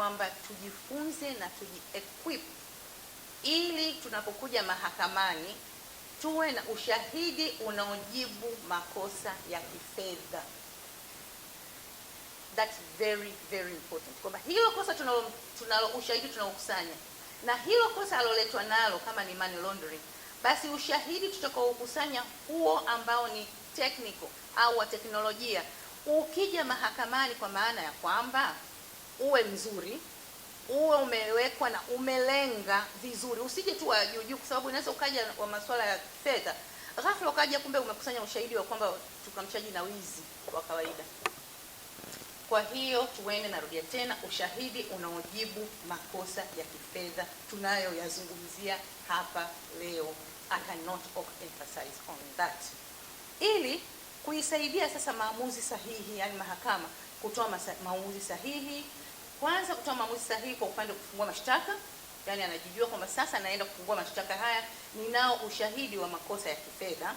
kwamba tujifunze na tujiequip ili tunapokuja mahakamani tuwe na ushahidi unaojibu makosa ya kifedha. That's very very important, kwamba hilo kosa tunalo, tunalo ushahidi tunaokusanya na hilo kosa aloletwa nalo kama ni money laundering, basi ushahidi tutakaokusanya huo ambao ni technical au wa teknolojia ukija mahakamani, kwa maana ya kwamba uwe mzuri, uwe umewekwa na umelenga vizuri, usije tu juu kwa sababu unaweza ukaja wa masuala ya fedha ghafla ukaja, kumbe umekusanya ushahidi wa kwamba tukamchaji na wizi wa kawaida. Kwa hiyo tuende, narudia tena, ushahidi unaojibu makosa ya kifedha tunayoyazungumzia hapa leo. I cannot emphasize on that, ili kuisaidia sasa maamuzi sahihi, yani mahakama kutoa maamuzi sahihi kwanza kutoa maamuzi sahihi kwa upande wa kufungua mashtaka, yani anajijua kwamba sasa anaenda kufungua mashtaka haya, ninao ushahidi wa makosa ya kifedha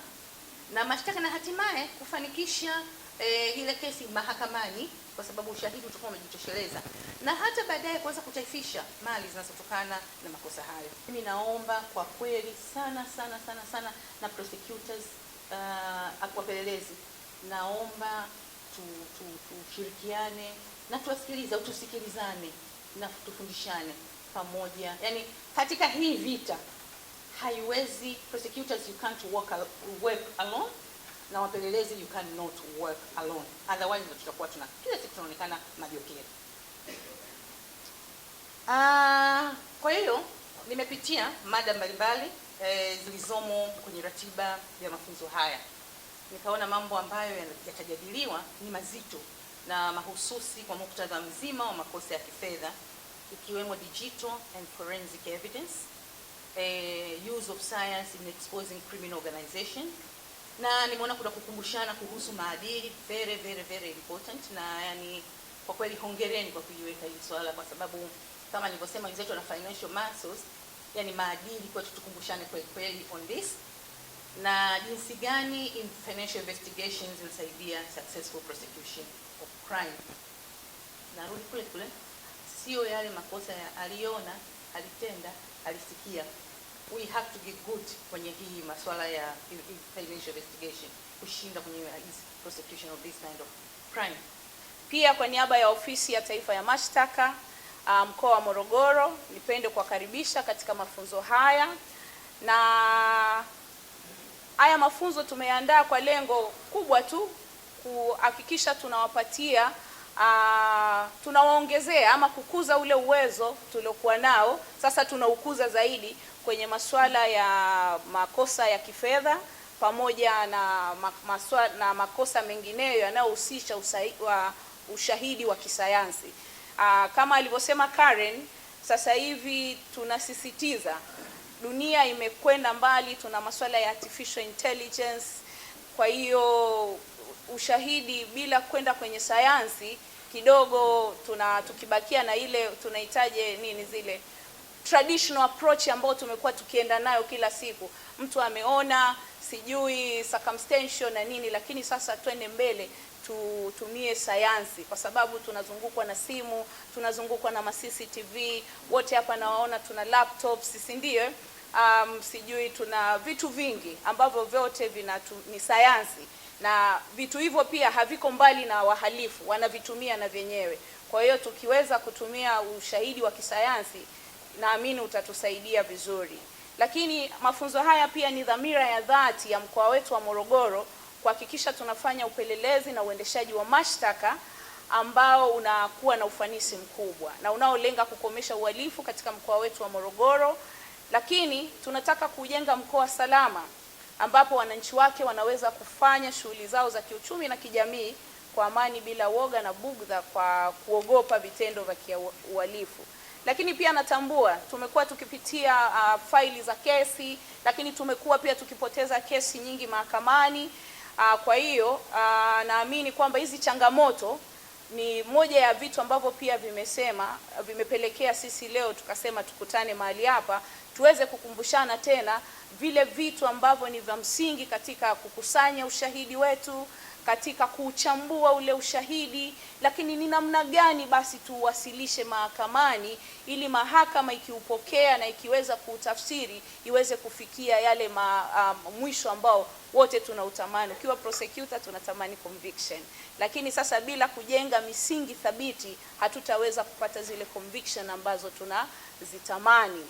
na mashtaka, na hatimaye kufanikisha e, ile kesi mahakamani, kwa sababu ushahidi utakuwa umejitosheleza, na hata baadaye kuweza kutaifisha mali zinazotokana na makosa hayo. Mimi naomba kwa kweli sana sana sana sana na prosecutors uh, ah, wapelelezi, naomba tushirikiane tu, tu, na tuwasikilize au tusikilizane na tufundishane pamoja. Yani katika hii vita haiwezi, prosecutors you can't work, al work alone na wapelelezi you cannot work alone, otherwise tutakuwa tuna kila siku tunaonekana majokeri. Uh, kwa hiyo nimepitia mada mbalimbali eh, zilizomo kwenye ratiba ya mafunzo haya, nikaona mambo ambayo yatajadiliwa ni mazito na mahususi kwa muktadha mzima wa makosa ya kifedha ikiwemo digital and forensic evidence, uh, use of science in exposing criminal organization, na nimeona kuna kukumbushana kuhusu maadili very very very important, na yani kwa kweli hongereni kwa kuiweka hii swala, kwa sababu kama nilivyosema wenzetu na financial muscles, yani maadili kwetu tukumbushane kweli kweli on this na jinsi gani in financial investigations inasaidia successful prosecution crime, narudi kule kule, sio yale makosa ya aliona, alitenda, alisikia. We have to get good kwenye hii masuala ya financial investigation, kushinda kwenye hizi prosecution of this kind of crime. Pia kwa niaba ya ofisi ya taifa ya mashtaka uh, mkoa um, wa Morogoro, nipende kuwakaribisha katika mafunzo haya na haya mafunzo tumeandaa kwa lengo kubwa tu kuhakikisha tunawapatia uh, tunawaongezea ama kukuza ule uwezo tuliokuwa nao, sasa tunaukuza zaidi kwenye masuala ya makosa ya kifedha pamoja na, maswa, na makosa mengineyo yanayohusisha ushahidi wa kisayansi. uh, kama alivyosema Karen, sasa hivi tunasisitiza, dunia imekwenda mbali, tuna masuala ya artificial intelligence. Kwa hiyo ushahidi bila kwenda kwenye sayansi kidogo, tuna tukibakia na ile tunahitaje nini zile traditional approach ambayo tumekuwa tukienda nayo kila siku, mtu ameona sijui circumstantial na nini, lakini sasa twende mbele tutumie sayansi, kwa sababu tunazungukwa na simu, tunazungukwa na ma-CCTV, wote hapa nawaona tuna laptops, si ndio? Eh? Um, sijui tuna vitu vingi ambavyo vyote vinatu ni sayansi na vitu hivyo pia haviko mbali na wahalifu, wanavitumia na vyenyewe. Kwa hiyo tukiweza kutumia ushahidi wa kisayansi, naamini utatusaidia vizuri. Lakini mafunzo haya pia ni dhamira ya dhati ya mkoa wetu wa Morogoro kuhakikisha tunafanya upelelezi na uendeshaji wa mashtaka ambao unakuwa na ufanisi mkubwa na unaolenga kukomesha uhalifu katika mkoa wetu wa Morogoro, lakini tunataka kujenga mkoa salama ambapo wananchi wake wanaweza kufanya shughuli zao za kiuchumi na kijamii kwa amani bila woga na bugdha kwa kuogopa vitendo vya kiuhalifu. Lakini pia natambua tumekuwa tukipitia uh, faili za kesi, lakini tumekuwa pia tukipoteza kesi nyingi mahakamani. Uh, kwa hiyo uh, naamini kwamba hizi changamoto ni moja ya vitu ambavyo pia vimesema vimepelekea sisi leo tukasema tukutane mahali hapa tuweze kukumbushana tena vile vitu ambavyo ni vya msingi katika kukusanya ushahidi wetu, katika kuuchambua ule ushahidi, lakini ni namna gani basi tuuwasilishe mahakamani, ili mahakama ikiupokea na ikiweza kuutafsiri iweze kufikia yale ma, um, mwisho ambao wote tunautamani. Ukiwa prosecutor tunatamani conviction, lakini sasa bila kujenga misingi thabiti hatutaweza kupata zile conviction ambazo tunazitamani.